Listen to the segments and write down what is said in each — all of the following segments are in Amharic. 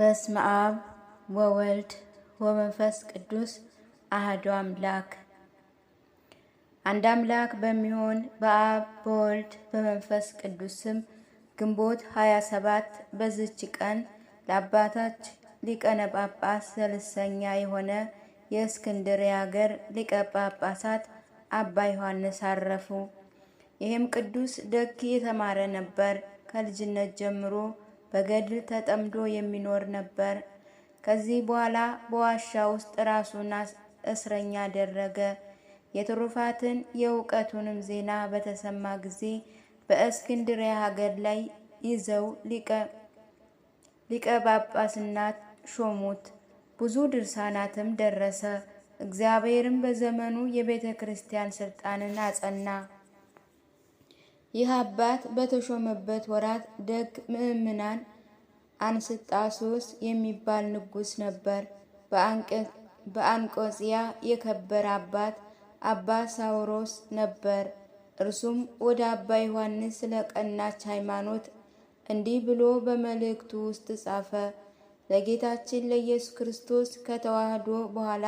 በስመ አብ ወወልድ ወመንፈስ ቅዱስ አህዶ አምላክ አንድ አምላክ በሚሆን በአብ በወልድ በመንፈስ ቅዱስ ስም ግንቦት 27 በዝች ቀን ለአባታች ሊቀነ ጳጳስ ዘልሰኛ የሆነ የእስክንድርያ ሀገር ሊቀ ጳጳሳት አባ ዮሐንስ አረፉ። ይህም ቅዱስ ደግ የተማረ ነበር። ከልጅነት ጀምሮ በገድል ተጠምዶ የሚኖር ነበር። ከዚህ በኋላ በዋሻ ውስጥ ራሱን እስረኛ አደረገ። የትሩፋትን የእውቀቱንም ዜና በተሰማ ጊዜ በእስክንድሪያ ሀገር ላይ ይዘው ሊቀ ጳጳስናት ሾሙት። ብዙ ድርሳናትም ደረሰ። እግዚአብሔርም በዘመኑ የቤተ ክርስቲያን ስልጣንን አጸና። ይህ አባት በተሾመበት ወራት ደግ ምእምናን አንስጣሶስ የሚባል ንጉሥ ነበር። በአንቆጽያ የከበረ አባት አባ ሳውሮስ ነበር። እርሱም ወደ አባ ዮሐንስ ስለ ቀናች ሃይማኖት እንዲህ ብሎ በመልእክቱ ውስጥ ጻፈ። ለጌታችን ለኢየሱስ ክርስቶስ ከተዋህዶ በኋላ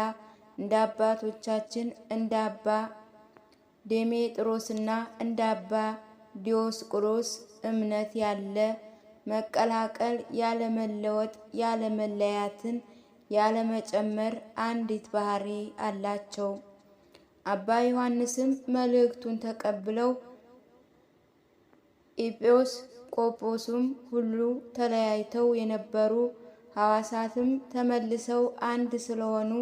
እንደ አባቶቻችን እንደ አባ ዴሜጥሮስና እንደ አባ ዲዮስቁሮስ እምነት ያለ መቀላቀል ያለመለወጥ ያለመለያትን ያለመጨመር አንዲት ባህሪ አላቸው። አባ ዮሐንስም መልእክቱን ተቀብለው ኢጲዮስ ቆጶሱም ሁሉ ተለያይተው የነበሩ ሐዋሳትም ተመልሰው አንድ ስለሆኑ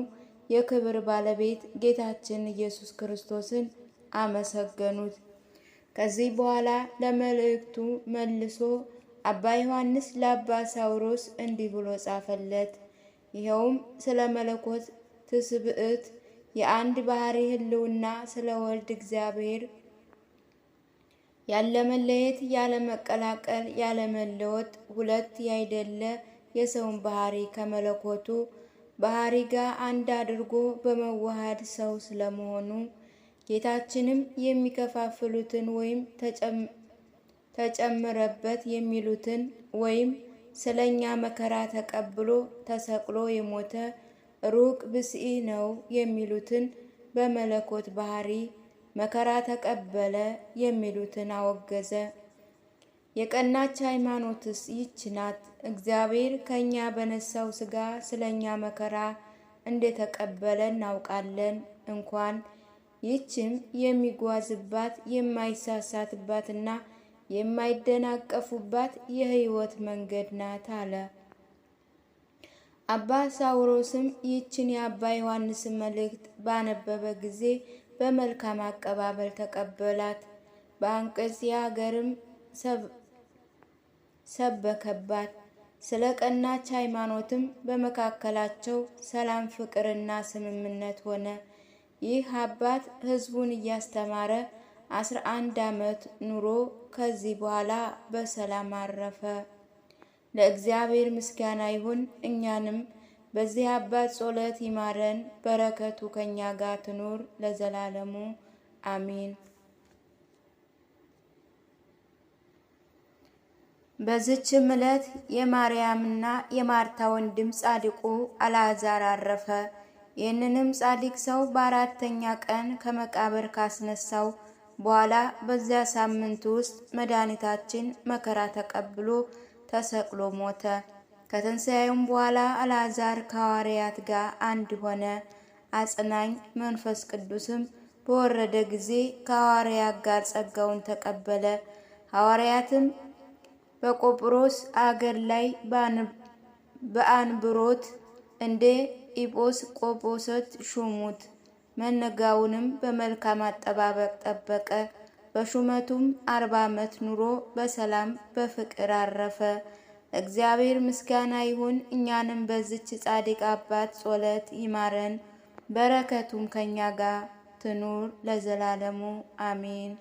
የክብር ባለቤት ጌታችን ኢየሱስ ክርስቶስን አመሰገኑት። ከዚህ በኋላ ለመልእክቱ መልሶ አባ ዮሐንስ ለአባ ሳውሮስ እንዲህ ብሎ ጻፈለት። ይኸውም ስለ መለኮት ትስብእት የአንድ ባህሪ ህልውና ስለ ወልድ እግዚአብሔር ያለ መለየት ያለ መቀላቀል ያለ መለወጥ ሁለት ያይደለ የሰውን ባህሪ ከመለኮቱ ባህሪ ጋር አንድ አድርጎ በመዋሃድ ሰው ስለመሆኑ ጌታችንም የሚከፋፍሉትን ወይም ተጨምረበት የሚሉትን ወይም ስለኛ መከራ ተቀብሎ ተሰቅሎ የሞተ ሩቅ ብስኢ ነው የሚሉትን በመለኮት ባህሪ መከራ ተቀበለ የሚሉትን አወገዘ። የቀናች ሃይማኖትስ ይች ናት። እግዚአብሔር ከእኛ በነሳው ስለ ስለኛ መከራ እንደተቀበለ እናውቃለን እንኳን ይህችም የሚጓዝባት የማይሳሳትባትና የማይደናቀፉባት የሕይወት መንገድ ናት አለ። አባ ሳውሮስም ይህችን የአባ ዮሐንስ መልእክት ባነበበ ጊዜ በመልካም አቀባበል ተቀበላት። በአንቀጽ የሀገርም ሰበከባት። ስለ ቀናች ሃይማኖትም በመካከላቸው ሰላም፣ ፍቅርና ስምምነት ሆነ። ይህ አባት ህዝቡን እያስተማረ አስራ አንድ ዓመት ኑሮ ከዚህ በኋላ በሰላም አረፈ። ለእግዚአብሔር ምስጋና ይሁን። እኛንም በዚህ አባት ጸሎት ይማረን፣ በረከቱ ከእኛ ጋር ትኑር ለዘላለሙ አሚን። በዚችም ዕለት የማርያምና የማርታ ወንድም ጻድቁ አልዓዛር አረፈ። ይህንንም ጻድቅ ሰው በአራተኛ ቀን ከመቃብር ካስነሳው በኋላ በዚያ ሳምንት ውስጥ መድኃኒታችን መከራ ተቀብሎ ተሰቅሎ ሞተ። ከትንሣኤውም በኋላ አልዓዛር ከሐዋርያት ጋር አንድ ሆነ። አጽናኝ መንፈስ ቅዱስም በወረደ ጊዜ ከሐዋርያት ጋር ጸጋውን ተቀበለ። ሐዋርያትም በቆጵሮስ አገር ላይ በአንብሮት እንደ ኢጶስ ቆጶሰት ሹሙት። መነጋውንም በመልካም አጠባበቅ ጠበቀ። በሹመቱም አርባ ዓመት ኑሮ በሰላም በፍቅር አረፈ። እግዚአብሔር ምስጋና ይሁን። እኛንም በዝች ጻድቅ አባት ጸሎት ይማረን፣ በረከቱም ከእኛ ጋር ትኑር ለዘላለሙ አሜን።